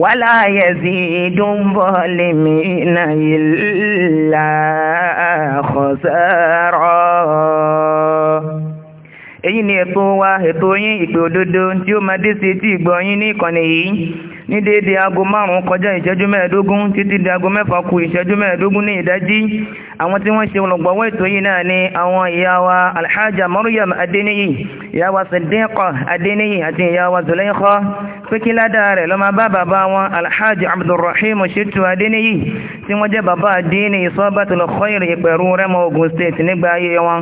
wàlá yẹ̀sí ìdúnbọ̀ lèmi náà ìlà àkọsẹ́rọ̀. èyí ni ètò wa ètò yín ìpè òdodo tí ó máa dé sí etí ìgbọ́ yín ní ìkànnì yìí ní déédéé aago márùn-ún kọjá ìṣẹ́jú mẹ́ẹ̀ẹ́dógún títí di aago mẹ́fà kù ìṣẹ́jú mẹ́ẹ̀ẹ́dógún ní ìdájí àwọn tí wọ́n ṣe olùgbọ̀wọ́ ètò yìí náà ni àwọn ìyá wa alhaja maryam adeniyi ìyá wa sadiqa adeniyi àti ìyá wa pé kí ládàá rẹ̀ lọ́mọ tí wọ́n jẹ́ bàbá àdínì ìsọ́bàtì lọ kọ́yìnrì ìpẹ̀rú rẹ́mọ Ògùn state nígbà ayé wọn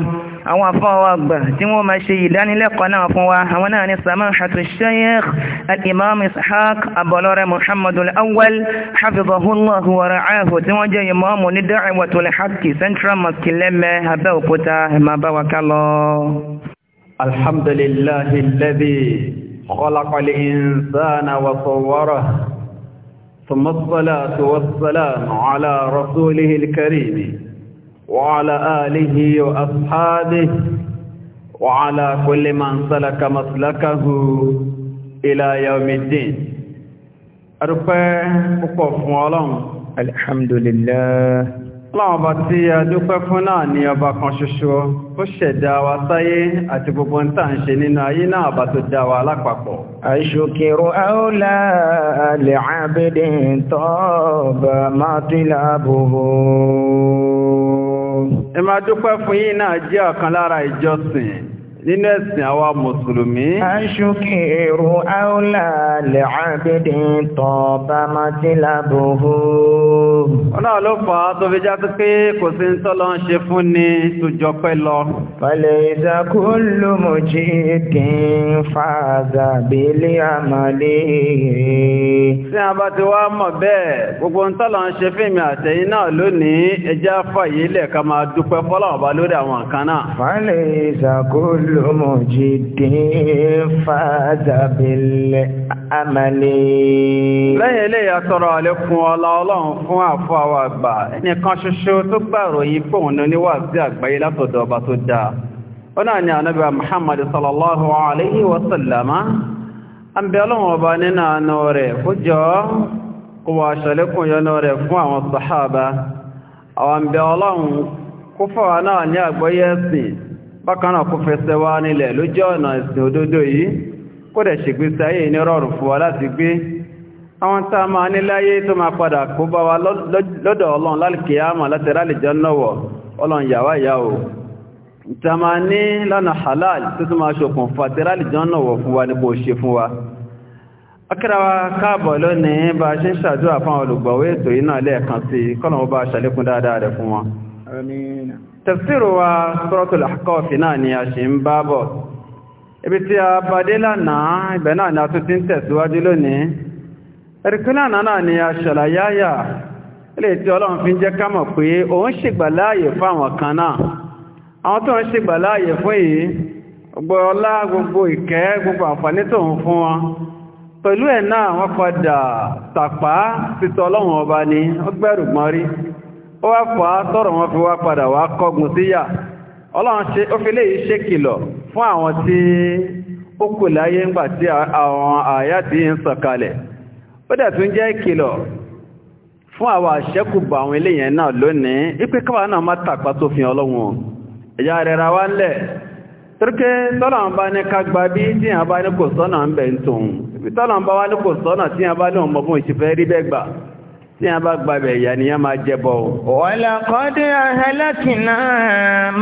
àwọn afọ́wọ́ àgbà tí wọ́n máa ṣe ìdánilẹ́kọ̀ọ́ náà fún wa àwọn náà ni samahatu sheikh al-imam ishaq abọlọ́rẹ́ muhammadu al central mosque lẹ́mẹ́ abẹ́òkúta ẹ̀mà bá wa ká lọ. alhamdulillahi alladhi khalaqa ثم الصلاة والسلام على رسوله الكريم وعلى آله وأصحابه وعلى كل من سلك مسلكه إلى يوم الدين أرفع أقف الحمد لله láwọn ọba tí a dúpẹ́ fún náà ni ọba kan ṣoṣo ó ṣẹ̀dá wa sáyé àti gbogbo ń tàà ń ṣe nínú ayé náà ọba tó dá wa lápapọ̀. àṣòkèrò àólà alẹ́ àbẹ́dẹ̀ tọ́ọ̀bà máa tílà bòbò ẹ máa dúpẹ́ fún yín náà jẹ́ ọ̀kan lára ìjọsìn nínú ẹ̀sìn àwa mùsùlùmí. aṣókè èrò àúlà lè àbẹ̀dẹ̀ tọ́ bá máa ti lábòhó. ọ̀nà ló fà á tó fi já sí pé kò sí ń tọ́lọ ń ṣe fún ni tó jọ pẹ́ lọ. pẹ̀lẹ́ ìsàkó ló mọ̀ jí kí n fa àgàbílẹ̀ àmàlẹ́. tí a bá ti wá mọ̀ bẹ́ẹ̀ gbogbo ń tọ́lọ ń ṣe fíìmì àtẹ̀yìn náà lónìí ẹjẹ́ àfàyè lẹ̀ máa dúpẹ́ fọ́lọ́ọ̀bá lórí àwọn kan náà. pẹ̀lẹ́ ìsàkó l مجد فاز بالعمل lẹ́yìn ilé ìyàtọ̀rọ̀ àlékún ọlá ọlọ́run fún àfọ́ àwọn àgbà ẹnìkan ṣoṣo tó gbàrò yí pòun ní oníwàásí àgbáyé látọ̀dọ̀ ọba tó dáa ó náà ni ànábì Muhammad sallallahu alayhi wa sallama an bẹ ọlọ́run ọba nínú àánú rẹ̀ fújọ́ kó wà ṣàlékún yọnú rẹ̀ fún àwọn sàhábà àwọn bẹ ọlọ́run kó fọ́wà náà ní àgbọ́yé ẹ̀sìn bákan náà kó fẹsẹ̀ wá nílẹ̀ lójú ọ̀nà ìsìn òdodo yìí kó dẹ̀ ṣègbésí ayé ní rọrùn fún wa láti gbé àwọn tá a máa níláyé tó máa padà kó bá wa lọ́dọ̀ ọlọ́run lálùkì àmà láti rálìjọ́ náwọ̀ ọlọ́run yàwá yà o fún àti rálìjọ́ náwọ̀ fún wa ní kò ṣe fún wa akẹ́rawa káàbọ̀ lónìí bá a ṣe ń ṣàdúrà fún àwọn tafsiru wa suratul ahqaf náà ni a ṣe ń bábọ̀ ibi tí a bàdé lánàá ibẹ̀ náà ni a tún ti ni a ṣàlàyáyà ilé tí ọlọ́run fi kan gbogbo gbogbo ìkẹ́ gbogbo tó ń fún wọn pẹ̀lú ẹ̀ náà wọ́n padà tàpá títọ́ ọlọ́run ọba ó wá fà á tọ́rọ̀ wọn fi wá padà wá kọ́gun síyà ọlọ́run ṣe ó fi ṣe kìlọ̀ fún àwọn tí ó kò láyé gbà tí àwọn àyà tí ń kalẹ̀ ó dẹ̀ tún jẹ́ kìlọ̀ fún àwọn àṣẹ́kùbà àwọn eléyẹn náà lónìí ipé káwà náà má tàpá ọlọ́run ẹ̀yà rẹ̀ ra wá bá ní ká tí a bá gbàbẹ̀ ìyà ni a máa jẹbọ وَلَقَدْ أَهْلَكْنَا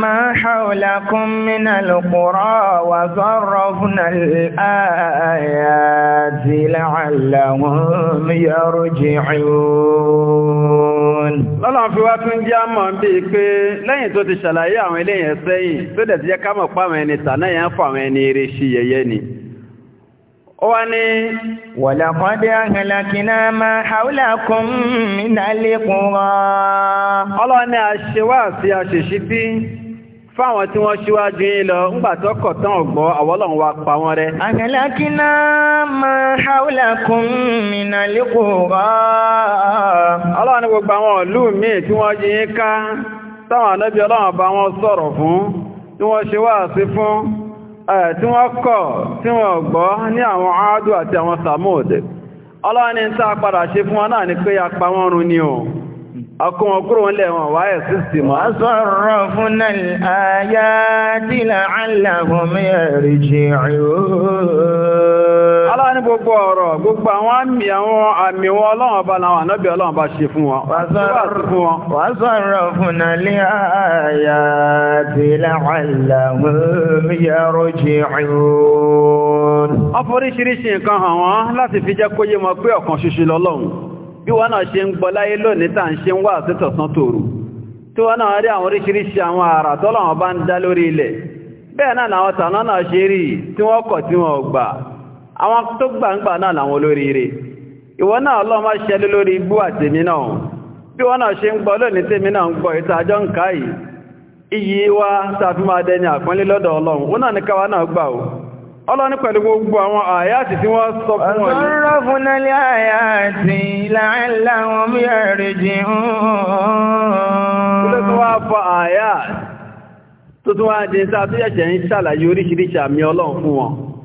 مَا حَوْلَكُمْ مِنَ الْقُرَى وَصَرَّفْنَا الْآيَاتِ لَعَلَّهُمْ يَرْجِعُونَ lọ́nà fi wá tún jẹ́ mọ̀ bí i pé lẹ́yìn tó ti ṣàlàyé àwọn eléyìn sẹ́yìn tó dẹ̀ ti jẹ́ ká mọ̀ pàwọn ẹni tà náà yẹn fún àwọn ẹni eré sí yẹyẹ ni wá ní wọ̀làkọ́dé ahìlàkìná máa haúlàkùn mínàlékùn rán. ọlọ́ni àṣewà sí àṣèṣí tí fáwọn tí wọ́n ṣíwájú yín lọ ńgbà tó kọ̀ tán ọ̀gbọ́ wa pa wọ́n rẹ́. ahìlàkìná máa haúlàkùn mínàlékùn rán. ọlọ́ni gbogbo àwọn ìlú míì tí wọ́n ká táwọn ọlọ́run bá wọn sọ̀rọ̀ fún tí wọ́n ṣe wá sí fún tí wọ́n kọ̀ tí wọ́n gbọ́ ní àwọn Áádù àti àwọn Samud ọlọ́ni tá a padà ṣe fún wọn náà ni pé apá wọn run ni o ọkùn wọn kúrò ń lẹ̀ wọn wáyẹ̀ sí sí mọ́. wọ́n sọ̀rọ̀ fún náà àyájí làálàhùn mẹ́rin jẹ́ gbogbo ọ̀rọ̀ gbogbo àwọn àmì àwọn àmì wọn ọlọ́run ọba làwọn ànábì ọlọ́run bá ṣe fún wọn. wà á sọ̀rọ̀ fún alẹ́ àyà tí làwọn yàrá jẹ́ ọ̀rọ̀. wọ́n nǹkan hàn wọ́n láti fi jẹ́ kó yé pé ọ̀kan ṣoṣo lọ́lọ́run bí wọ́n náà ṣe ń gbọ́ láyé lónìí tá à ń ṣe ń wá àtẹ́tọ̀sán tòru tí wọ́n náà rí àwọn oríṣiríṣi àwọn àrà tọ́lọ́run bá ń dá lórí ilẹ̀ bẹ́ẹ̀ náà làwọn tàná náà ṣe rí tí wọ́n kọ̀ tí wọ́n gbà àwọn tó gbàǹgbà náà làwọn olóríire ìwọ náà ọlọ́run má ṣẹlẹ̀ lórí igbó àtèmi náà bí wọ́n náà ṣe ń gbọ́ lónìí tèmi náà ń gbọ́ ìta ń ká yìí iyì wa tàbí máa dẹni lọ́dọ̀ ọlọ́run ó náà ní káwa náà ń ṣàlàyé àmì ọlọ́run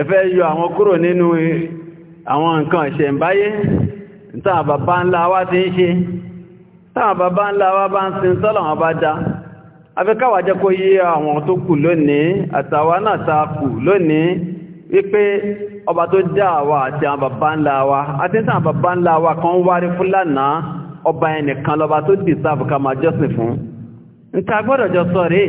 ẹfẹ́ yọ àwọn kúrò nínú àwọn nǹkan ìṣẹ̀ǹbáyé táwọn bàbá ńlá wa ti ń ṣe táwọn bàbá ńlá wa bá ń sin sọ́lọ̀ wọn bá dá afẹ́káwà jẹ́ kó yí àwọn tó kù lónìí àtàwà náà ta kù lónìí wípé ọba tó àti wa bàbá ńlá wa kan wárí ọba ẹnìkan lọba tó ká máa jọ́sìn fún ń ta jọ sọ rèé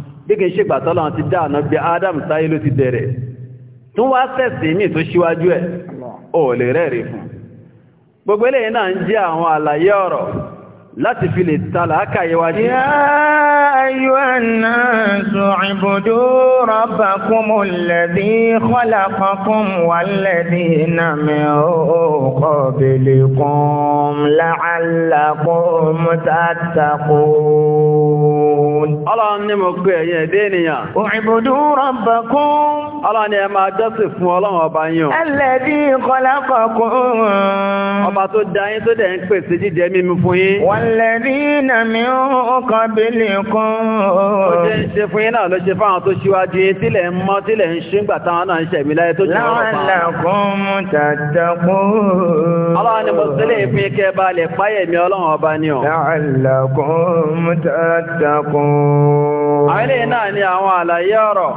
bí kìí ṣe gbàtọ́lọ́ ti dá ọ̀nà bí Adam sáyé ló ti bẹ̀rẹ̀ tún wá sẹ̀sì ní tó ṣíwájú ẹ̀ ò lè rẹ́rìí fún gbogbo eléyìí náà ń jẹ́ àwọn àlàyé ọ̀rọ̀ láti fi lè tààlà ákàyẹwà قبلكم لعلكم تتقون ọlọ́run ní mo pé ẹ̀yin ẹ̀dẹ́ ènìyàn اعبدوا ربكم ọlọ́run ni ẹ máa jọ́sìn fún ọlọ́run ọba yín الذي خلقكم ọba tó dá yín tó dẹ̀ ń pèsè jíjẹ mímu fún yín والذين من قبلكم ó jẹ́ ń ṣe fún yín náà ló ṣe fáwọn tó ṣíwájú yín tílẹ̀ ń mọ́ Ọlọ́run ni mo sílé ìpín Àwọn ilé náà ni àwọn àlàyé ọ̀rọ̀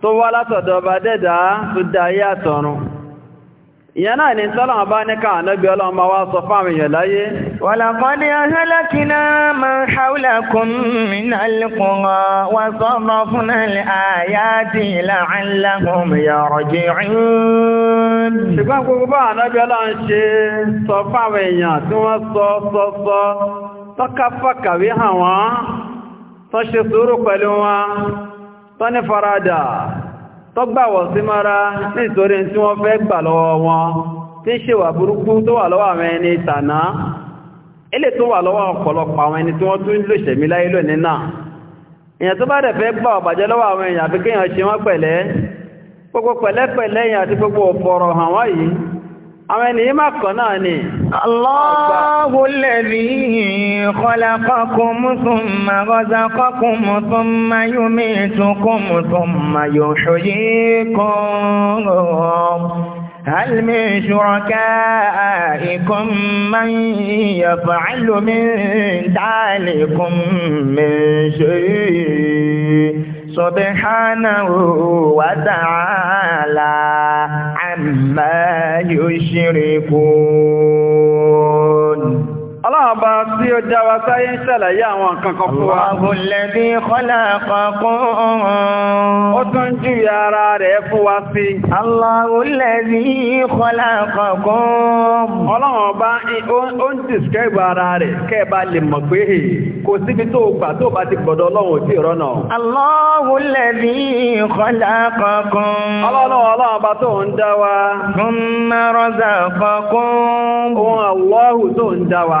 tó wá látọ̀dọ̀ ọba dẹ́dàá tó dá ayé àtọ̀run ìyẹn náà ni tọ́lọ̀ bá ní káà lọ́bí ọlọ́run bá wá sọ fáwọn èèyàn láyé wàlàkọ́dí ahẹ́lẹ́kìnà ma haúlàkùn mìnàlùkùn wà sọ́rọ̀ fún àyàtì ìlàáńláhùn tí wọ́n tọ́gbàwọ̀ sí mara nítorí tí wọ́n fẹ́ gbà lọ́wọ́ wọn tí ń ṣèwà burúkú tó wà lọ́wọ́ àwọn ẹni tàná ilé tó wà lọ́wọ́ ọ̀pọ̀lọpọ̀ àwọn ẹni tí wọ́n tún lòṣẹ̀mí láyé lónìí náà èèyàn tó bá àwọn ènìyàn máa kọ̀ náà ni. Allahu alladhi khalaqakum thumma razaqakum thumma yumitukum thumma yuhyikum. هل من شركائكم من يفعل ما يشركون Ọlọ́run bá tí ó dá wa sáyé ń ṣàlàyé àwọn nǹkan kan fún wa. Ọ̀bùnlẹ̀bí kọ́lá àpapọ̀ ó tún jù ara rẹ̀ fún wa sí. Ọlọ́rùnlẹ̀bí kọ́lá àpapọ̀ Ọlọ́run bá ó ń describe ara rẹ̀ kẹ́ẹ̀bá lè mọ̀ tó ń dá wa.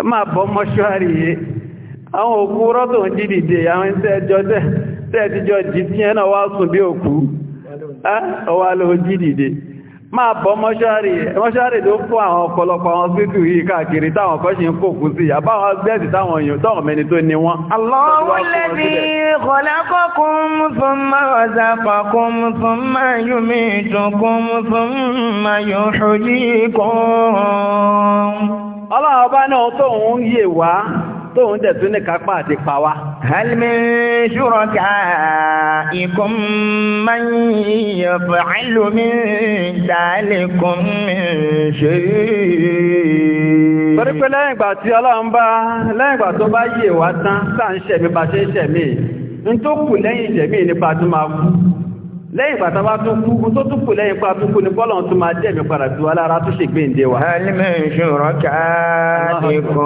ẹ máa bọ́ mọ́ṣúárì yìí àwọn òkú rọ́tò ń jí dìde àwọn iṣẹ́ ẹjọ́ tẹ́ẹ̀tíjọ́ jí tí ẹ̀nà wá sùn bí òkú ọwá ló jí dìde máa bọ́ mọ́ṣúárì mọ́ṣúárì fún àwọn ọ̀pọ̀lọpọ̀ àwọn síkù yìí káàkiri táwọn kan ń kòkú sí àbáwọn agbẹ́ẹ̀sì táwọn èèyàn tọ́wọ̀n mẹ́ni tó ní wọ́n. Allahu ọlọ́run ọba náà tóun yè wá tóun dẹ̀ tún ní kápá àti pa wá. hal min shuraka'ikum man yaf'alu min dhalikum min shay'. torí pé lẹ́yìn ìgbà tí ọlọ́run bá lẹ́yìn ìgbà tó bá yè wá tán sáà ń ṣẹ̀mí bá ṣe ń ṣẹ̀mí ń tó kù lẹ́yìn ìṣẹ̀mí nípa tó máa kú lẹ́yìn ìgbà bá tún kú tó tún kù lẹ́yìn pa kú ní bọ́lọ̀ tún máa jẹ́mi padà ju alára tó ṣe gbéǹde wa. alimi ìṣòro káàdì kan.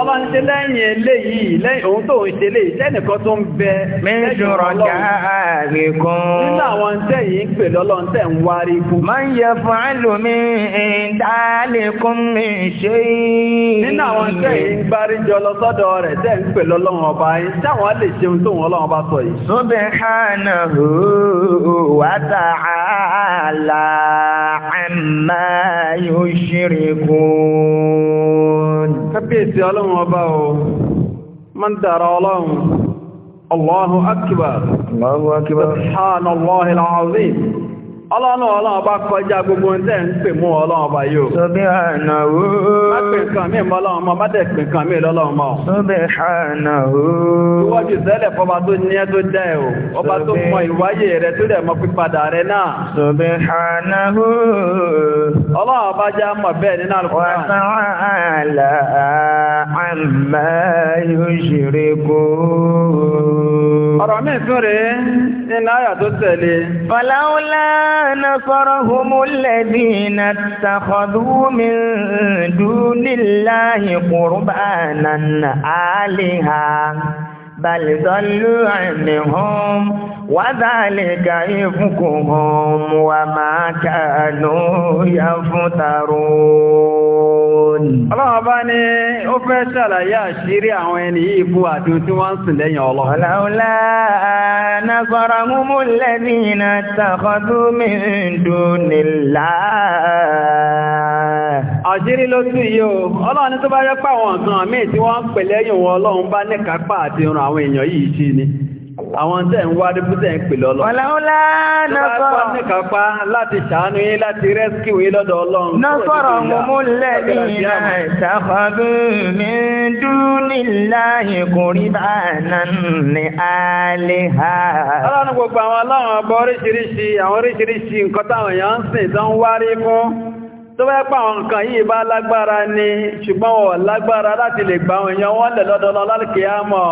ọba ń ṣe lẹ́yìn eléyìí lẹ́yìn òun tó ń ṣe léyìí tẹ́nìkan tó ń bẹ. mi ìṣòro káàdì kan. nínú àwọn ntẹ́ yìí ń pè lọ́lọ́ ntẹ́ ń wárí ikú. máa ń yẹ fún àlùmí ìdálẹ́kùn mi ṣe nínú àwọn ntẹ́ yìí ń gbáríjọ وتعالى عما يشركون كبيتي الله وباو من دار الله الله أكبر الله أكبر سبحان الله العظيم Ọlọ́run ọlọ́run bá kọjá gbogbo ń tẹ́ ń pè mú ọlọ́run bá yóò. Sọ́bẹ̀ ànàwó. Má pè nǹkan mí mọ́ ọlọ́run mọ́, má dẹ̀ pè nǹkan mí lọ́lọ́run mọ́. Sọ́bẹ̀ ànàwó. Ìwọ́jú sẹ́lẹ̀ Ọ̀rọ̀ mi tún rèé. لآية التالي فلولا نصرهم الذين اتخذوا من دون الله قربانا آلهة بل ضلوا عنهم وذلك إفكهم وما كانوا يفترون ọlọ́wọ́ bá ní ó fẹ́ ṣàlàyé àṣírí àwọn ẹni yìí fún àdún tí wọ́n ń sìn lẹ́yìn ọlọ́run. ọ̀làúlá nàgbàrà múmú lẹ́bí iná tàkọ́dún mìíràn dùn nílá. àṣírí ló tú yíò, o ọlọ́run tó bá yẹ pàwọn nǹkan tí wọ́n ń pè lẹ́yìn wọn ọlọ́run bá ní kápá àti ìran àwọn èèyàn yìí sí ni àwọn tẹ́ ń wá ń pè ọlọ́run ọlọ́run gbogbo àwọn ọlọ́run oríṣiríṣi àwọn oríṣiríṣi nǹkan táwọn èèyàn ń sìn tó bá pa àwọn nǹkan yìí bá lágbára ní ṣùgbọ́n wọ́n lágbára láti lè gba àwọn èèyàn wọ́n lè lọ́dọ̀ọ́lọ́ lálùkì àmọ́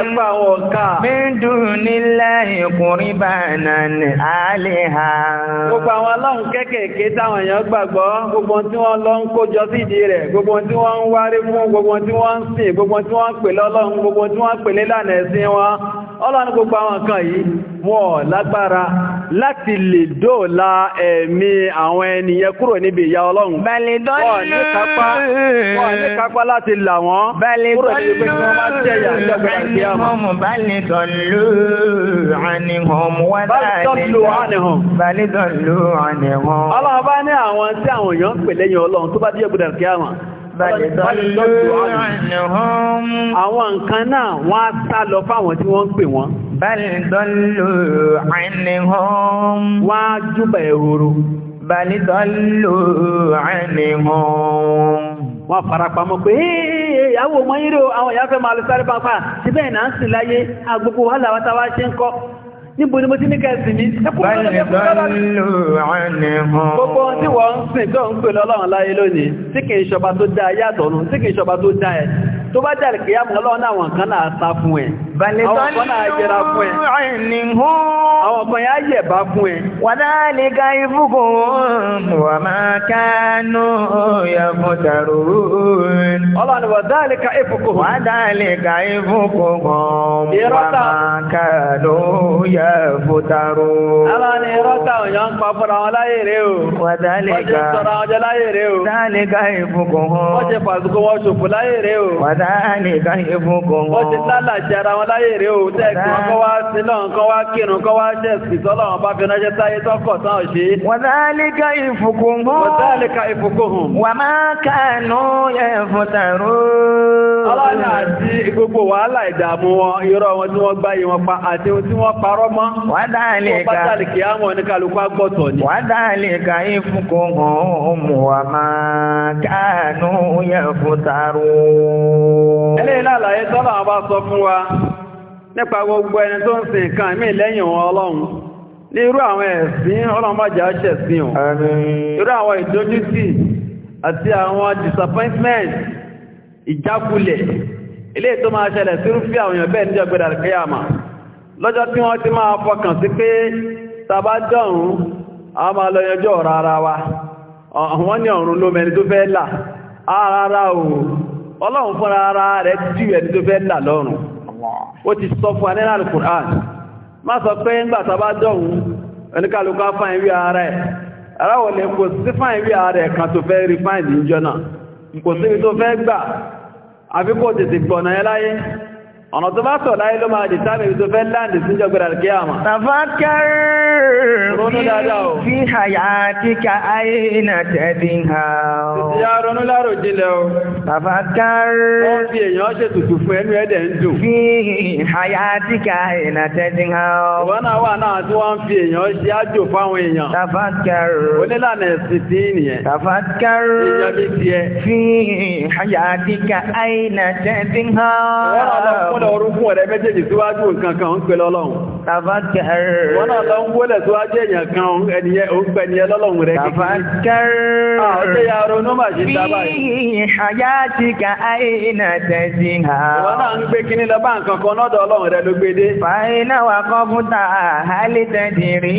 agbá àwọn ọ̀ká. mẹ́ndù nílẹ̀ ìkùnrin bá nàní àálẹ̀ ha. gbogbo àwọn aláhùn kéékèèké táwọn èèyàn gbàgbọ́ gbogbo tí wọ́n lọ ń kójọ sí ìdí rẹ̀ gbogbo tí wọ́n ń wárí fún gbogbo tí wọ́n ń sìn gbogbo tí wọ́n ń pè lọ́lọ́run gbogbo tí wọ́n ń pè ọlọ́run gbogbo àwọn nǹkan yìí wọ́n lágbára láti lè dóòlà ẹ̀mí àwọn ènìyàn kúrò níbi ìyà ọlọ́run wọ́n ní kápá láti là wọ́n kúrò níbi pé wọ́n máa jẹ́ ìyà ìjọba ìgbé àmọ́ balidọ̀lù ànihàn wọ́n láàrin Àwọn nǹkan náà wọ́n á sá lọ fáwọn tí wọ́n ń pè wọ́n. Bàlìdọ́lù àìníhàn. Wọ́n á júbà ẹ̀hòrò. Bàlìdọ́lù àìníhàn. Wọ́n farapamọ́ pé ìyàwó mọ́ yíró àwọn ìyáfẹ́ máa lọ sáré pápá síbẹ̀ náà ń sìn láyé agbogbo wà láwátawá ṣe ń kọ́ níbo ni mo ti ní kẹsì mi ẹkùnrin lọ́nà gbogbo tó bá dàrí kìí àmọ́ lọ́wọ́ náà wọn kan náà sá fún ẹ àwọn kan náà yẹra fún ẹ àwọn kan yá yẹ̀bá fún ẹ. wàdálíkà ìfúkù wà máa kánú yàgùn tàrú. wà máa kánú yàgùn tàrú. aláni rọ́tà òyìn ń pa fúnra wọn láyé Wàdáàlì kan ìfúnkùn wọn. Ó ti lálà jẹra wọn láyé wá sí náà wá kírun kọ́ wá bá fi ránṣẹ́ tọ́kọ̀ tán ò ṣe. gbogbo wàhálà ìdààmú wọn, wọn tí wọ́n gbá yìí wọn pa àti ohun tí wọ́n parọ́ mọ́. Wọ́n pátálì á wọn ní Ẹlẹ́yìn lálàyé sọ́lọ̀ àwọn bá sọ fún wa nípa gbogbo ẹni tó ń sin lẹ́yìn wọn ọlọ́run ní irú àwọn ẹ̀sìn ọlọ́mọjà ṣẹ̀sìn ọ̀. Irú àwọn ìdójútì àti àwọn disappointment ìjákulẹ̀ ilé tó máa ṣẹlẹ̀ àwọn bẹ́ẹ̀ ọlọ́run fúnra ara rẹ̀ tí ẹni tó fẹ́ là lọ́rùn ó ti sọ fún má sọ pé dọ̀hún ara ẹ̀ lè kò sí ara ẹ̀ kan tó fẹ́ rí náà kò tó fẹ́ gbà àfi kò tètè gbọ̀nà ẹ láyé ọ̀nà tó bá sọ̀ láyé ló máa tó fẹ́ láǹdì kíyàmà. ronú dáadáa o. fi àyà àti ka ayé iná tẹ̀lé ha o. ìyá ronú lárò jinlẹ̀ o. bàbá kárí. wọ́n fi èèyàn ṣe tutù fún ẹnu ẹ̀dẹ̀ ń dùn. fi àyà àti ka ayé iná tẹ̀lé ha o. ìwọ náà wà náà tí wọ́n fi èèyàn ṣe àjò fáwọn èèyàn. bàbá kárí. onílànà ẹ̀sìn tí nìyẹn. bàbá kárí. ìyá mi tiẹ̀. fi àyà àti ka ayé iná tẹ̀lé ha o. wọ́n náà lọ fún ọ̀rọ̀ orúkún ọ̀rẹ́ méjèèjì síwájú nǹkan kan ń pè lọ́lọ́run. bàbá kárí. wọ́n náà lọ ń wó dẹ̀ tó wá jẹ́ èèyàn kan ẹniyẹ òǹgbẹ̀ ni ẹlọ́lọ́run rẹ̀ kékeré. Tafakar. Ọ̀tẹ́ ah, ya ronú mà ṣe dábàá yìí. Fi náà ń gbé kíní lọ bá nǹkan kan lọ́dọ̀ ọlọ́run rẹ̀ ló gbé dé. Fàáyínà wà kọ́ fún ta àhálí tẹ̀sí rí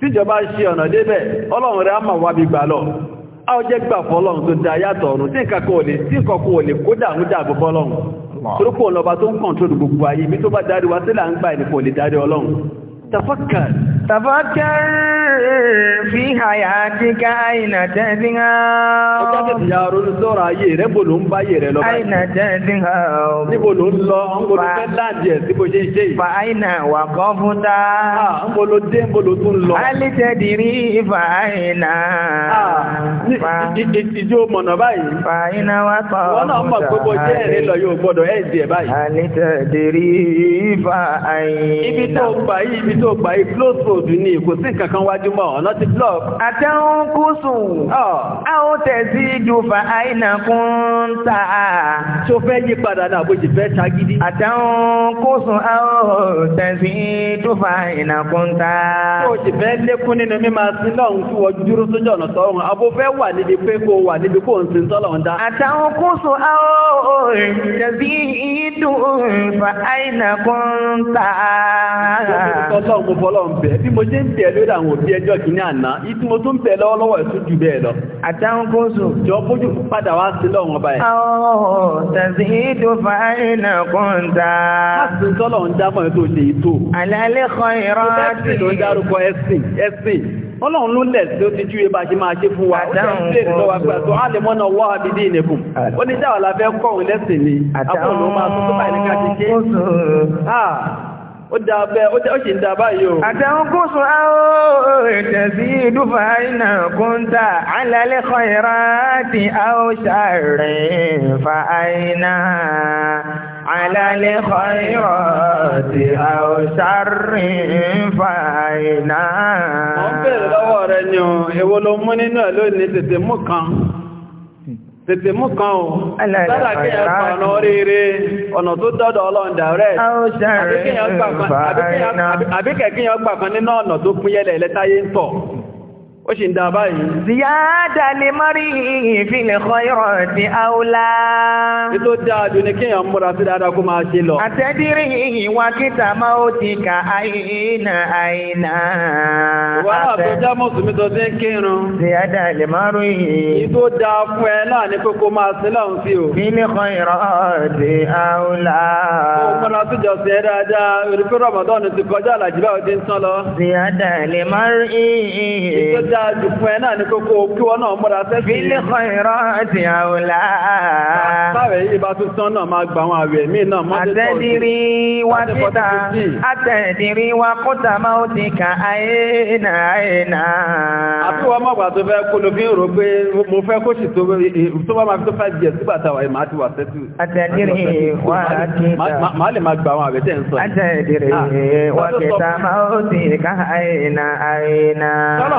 tíjọba ṣe ọ̀nà débẹ̀ ọlọ́run rẹ̀ á mà wá bí gbà lọ a ó jẹ́ gbà fọ́lọ́run tó da yàtọ̀ ọ̀run tí nǹkan kò lè tí nǹkan kò lè kó dàrú dàbò fọ́lọ́run tafakkan تفكر في حياتك أين تذهب ó jáde ìyá ronú sọ́rọ̀ ayé rẹ̀ bò ló ń bá ayé rẹ̀ lọ báyìí. àìnà jẹ́ díhàn. níbo ló ń lọ ń bolo fẹ́ láàdì ẹ̀ sí bó ṣe ń ṣe yìí. fàáìnà wà kọ́ fún ta. ń bolo dé ń bolo tún lọ. àlìjẹ dìrí fàáìnà. ìjó mọ̀nà báyìí. fàáìnà wà kọ́ fún ta. wọ́n náà mọ̀ pé bó jẹ́ ẹ̀rín lọ yóò gbọ́dọ̀ ẹ̀ díẹ̀ báyìí. àlìjẹ dìrí fàáìnà. ibi tó gbà yìí ibi tó gbà yìí close to road ní kò sí kankan wájú mọ́ ọ̀nà ti block. àtẹ̀hún kú sùn. Ah. a ó tẹ̀sí ìjùfà àìnà kún ta. tó fẹ́ yí padà náà bó ti fẹ́ ṣagídí. àtẹ̀hún kú a ó tẹ̀sí ìjùfà àìnà kún ta. tó ti fẹ́ lékún nínú mímọ sí náà ń fún ọjọ́ dúró sójú ọ̀nà tọ́run abo fẹ́ wà níbi pé kó wà níbi kó ń sin tọ́lọ̀ ń dá. àtẹ̀hún kú a ó tẹ̀sí ìjùfà àìnà kún ta. tó ti fẹ́ bí mo ṣe ń bẹ̀ lórí àwọn òbí ẹjọ́ kìíní àná ìtí mo tó ń bẹ̀ lọ́wọ́lọ́wọ́ ẹ̀sùn jù bẹ́ẹ̀ lọ. àtàwọn kóso. jọ bójú padà wá sí lọ́wọ́ báyìí. ọ̀ọ́ tàbí tó fa iná kún ta. láti sọ́lọ̀ ń dámọ̀ ètò òṣè ètò. àlàálẹ̀ kan ìran ti. ló ọlọ́run ló lẹ̀ tí ó ti júwe bá ṣe máa ṣe fún wa ó ṣe ń lè lọ́wọ́ àgbà tó á wọ́ àbídí ìnẹ̀kùn ó ní dáwà lábẹ́ lẹ́sìn ni àbúrò ló máa tó tó báyìí ká ṣe ṣe ó dáa bẹ́ẹ̀ ó ṣe ń dáa báyìí o. àtẹ̀hún kò sùn á ó tẹ̀sí ìdúfà iná kúńtà alálẹ́ kan ìrà tí a ó fa iná alálẹ́ kan ìrà tí a ó fa iná. wọ́n bèèrè lọ́wọ́ rẹ̀ ni o ló mú nínú ẹ̀ lónìí tètè mú kan tètè mú kan o sára kí ẹ pa ọ̀nà oríire ọ̀nà tó dọ́dọ̀ ọlọ́run dàrẹ́ àbíkẹ́yàn gbà kan nínú ọ̀nà tó pín yẹ́lẹ̀ ẹlẹ́tayé ń tọ̀ ó ṣe ń dá báyìí. ziyada lè mọ́rí ìfilẹ̀ kọ́yọ̀rọ̀ ti aula. ètò dáadọ́ ni kíyàn múra sí dáadáa kó máa ṣe lọ. àtẹ́dírí ìwà kíta máa ó ti ka àìyína àìyína. wàá àtọ́ já mùsùlùmí tó ti ń kírun. ziyada lè mọ́rí. ètò dáa fún ẹ náà ni pé máa sí lọ́hùn sí o. ìfilẹ̀ kọ́yọ̀rọ̀ ti aula. ó múra sí jọ̀sìn ẹ dáadáa olùkọ́ ramadan ti kọjá àlàjì báwo ti dáa jù fún ẹ náà ní kókó kí wọ́n náà múra sẹ́sì. Ilé kan ìrántí àwòlá. Sáàrẹ̀ yìí bá tún tán náà máa gba àwọn àwẹ̀ míì náà mọ́ Àtẹ̀dìrí wa títà, àtẹ̀dìrí wa kúta máa ó ti kà àyènà àyènà. Àti wọ́n mọ̀gbà tó fẹ́ kó ló fi ń rò pé mo fẹ́ kó sì tó tó bá máa fi tó fẹ́ jẹ sígbà táwa ẹ̀ máa ti wà sẹ́sì. Àtẹ̀dìrí wa títà. Màá lè máa gba àwọn àwẹ̀ tẹ̀ ń sọ. Àtẹ̀dìrí ah, wa títà máa ó ti kà àyènà àyènà. Sọ́lá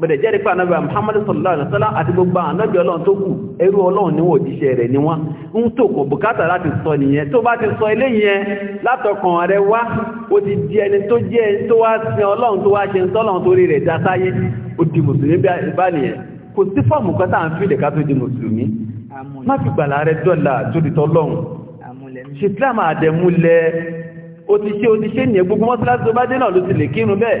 bẹ̀rẹ̀ jẹ́ rípa anábì Muhammad sallallahu alaihi wasallam àti gbogbo anábì ọlọ́run tó kù ẹrú ọlọ́run níwọ̀n òjíṣẹ́ rẹ̀ ni wọ́n ń tò kò bùkátà láti sọ nìyẹn tó bá ti sọ ilé yẹn látọkàn rẹ wá ó ti di ẹni tó jẹ́ ẹni tó wá sin ọlọ́run tó wá ṣe ń sọ́lọ́run tó rí rẹ̀ dá sáyé ó di mùsùlùmí bá nìyẹn kò sí fọ́ọ̀mù kan tá à ń fi ìdẹ̀ká tó di mùsùlùmí má fi gbàlà rẹ dọ́là torí tọ́lọ́run ṣe tíláàmù àdẹ̀múlẹ̀ ó ti ṣe ó ti ṣe nìyẹn gbogbo mọ́sálásí tó bá dé náà ló ti lè kírun bẹ́ẹ̀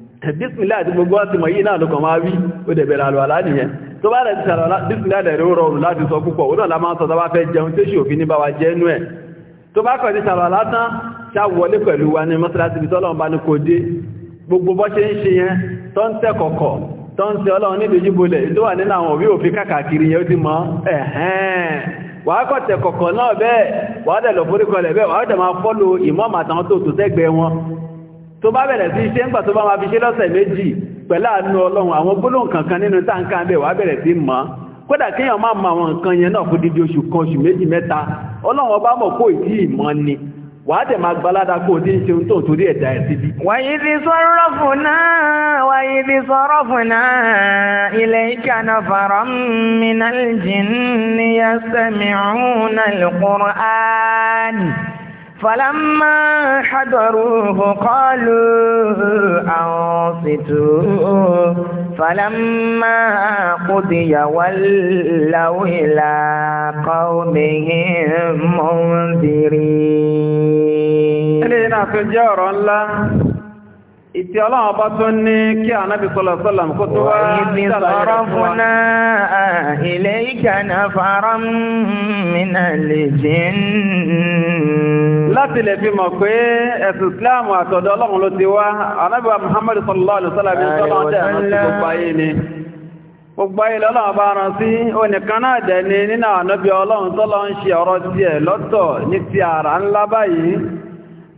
bísmìlá àti gbogbo àti mọ̀ yìí náà ló kàn máa wí ó dẹ̀ bẹ̀rẹ̀ àlùwàlá nìyẹn tó bá rẹ̀ ti sàrọ̀lá bísmìlá rẹ̀ rọrùn láti sọ púpọ̀ ó náà la máa ń sọ tó bá fẹ́ jẹun tó sì òfin ní bá wa jẹ́ nú ẹ̀ tó bá kọ̀ ní sàrọ̀lá tán ṣá wọlé pẹ̀lú wa ní mọ́sálásí bí tọ́lọ́run bá ní kò dé gbogbo bọ́ ṣe ń ṣe yẹn tó ń tẹ́ kọ̀kọ̀ tó ń ṣe ọlọ́run ní ìdójúbolẹ̀ tó wà nínú àwọn òbí òfin tó bá bẹ̀rẹ̀ sí ṣe ń gbà tó bá máa fi ṣe lọ́sẹ̀ méjì pẹ̀lú àánú ọlọ́run àwọn gbólóhùn kankan nínú táǹkà bẹ̀ wá bẹ̀rẹ̀ sí mọ́ kódà kéèyàn máa mọ àwọn nǹkan yẹn náà fún dídí oṣù kan oṣù méjì mẹ́ta ọlọ́run ọba mọ̀ kó ìdí ìmọ̀ ni wàá tẹ̀ máa gbalada kó o ti ń tó torí ẹ̀dá ẹ̀ síbi. wàyí ti sọ̀rọ̀ fún náà wàyí ti sọ̀rọ̀ fún náà ilẹ̀ ìkànnà fàrọ̀ mìíràn jìn ní yasẹ̀ mìíràn lùkùrọ̀ áàdì. فلما حضروه قالوا أنصتوا فلما قضي ولوا إلى قومهم منذرين ìtì ọlọ́run bá tún ní kí ànábì sọ́lọ̀ sọ́lọ̀ kó tó wá ibi sọ̀rọ̀ fún náà ilé ìkànnà fara mìíràn lè jẹ́ láti lè fi mọ̀ pé ẹ̀sùn islamu àtọ̀dọ̀ ọlọ́run ló ti wá ànábì wa muhammad sallallahu alaihi wasallam ní sọ́lọ́ dẹ̀ àti gbogbo ayé ni gbogbo ayé lọ́lọ́run bá rán sí onìkan náà dẹ̀ ni nínú ànábì ọlọ́run sọ́lọ́ ń ṣe ọ̀rọ̀ tiẹ̀ lọ́tọ̀ ní ti àrà ńlá báyìí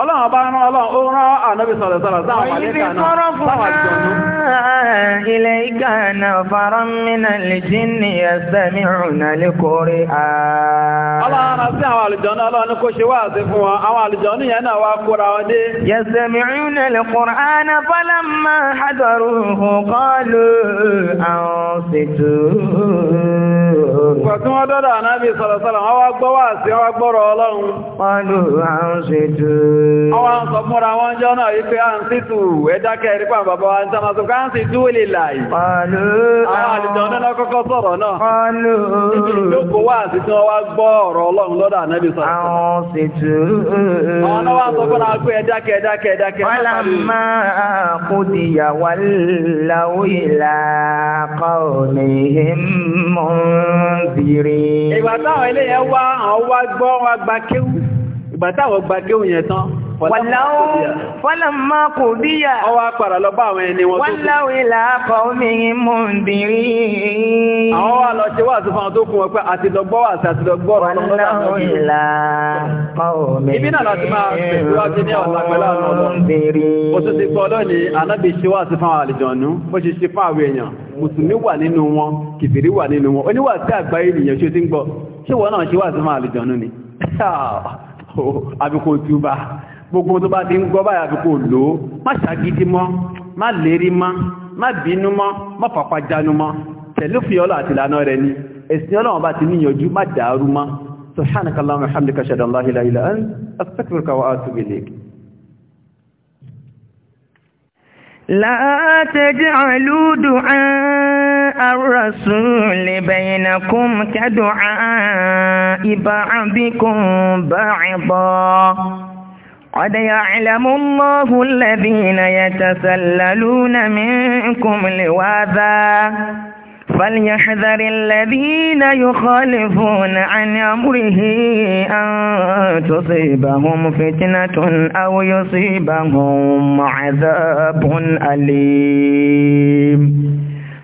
ọlọ́run bá rán ọlọ́run ó rán ànábì sọ̀rọ̀ sọ̀rọ̀ sáwọn àmàlẹ́kà náà sáwọn àjọ̀nú ilẹ̀ ìgbà náà fara mìnà lè jí ní ẹsẹ̀ mìíràn lè kórè ọlọ́run sí àwọn àlùjọ̀nú ọlọ́run kó ṣe wá sí fún wọn àwọn àlùjọ̀nú yẹn náà wá kóra wọn dé yẹsẹ̀ mìíràn lè kórè ánà fọ́lá máa hádọ̀rù hùkọ́ lù àwọn ṣètò rẹ̀. Pẹ̀tí wọ́n dọ́dọ̀ ànábì sọ̀rọ̀sọ̀rọ̀, wọ́n wá gbọ́ wà sí wọ́n gbọ́rọ̀ ọlọ́run. Wọ́n lò àwọn ṣètò. Wọ́n sọ múra wọ́n jọ náà wípé à ń sítù ẹ̀dákẹ́ rí pàm bàbá wa ń sáma tó ká ń sì dúó lè láì. Wọ́n lò àwọn àlìjọ náà kọ́kọ́ sọ̀rọ̀ náà. Wọ́n lò ìjọkọ̀ wà kọ́sìrì. ìgbà táwọn eléyẹn wá àwọn wá gbọ́ wá gba kéwù ìgbà táwọn gba kéwù yẹn tán. Fọ́lọ́mọ́ kò bíyà. Ọwọ́ apàrà lọ bá àwọn ẹni wọn tó kù. Wọ́n láwé làápọ̀ obìnrin mú ń bìrí. Àwọn wà lọ ṣe wà sí fún àwọn tó kù wọn pé àti lọ gbọ́ wà sí àti lọ gbọ́ ọ̀rọ̀ lọ́dọ̀ àwọn ọmọ yìí. Wọ́n láwé làápọ̀ obìnrin mú ń bìrí. Ó tún ti gbọ́ gbogbo tó bá ti ń gbọ́ báyà fi kò lò má ṣàgídí mọ́ má lérí mọ́ má bínú mọ́ má fàpájánu mọ́ tẹ̀lé fi ọlọ́ àti ìlànà rẹ̀ ni ẹ̀sìn ọlọ́run bá ti níyànjú má dàrú mọ́ سبحانك اللهم وبحمدك اشهد ان لا تجعلوا دعاء الرسول بينكم كدعاء بعضكم بعضا قد يعلم الله الذين يتسللون منكم لواذا فليحذر الذين يخالفون عن أمره أن تصيبهم فتنة أو يصيبهم عذاب أليم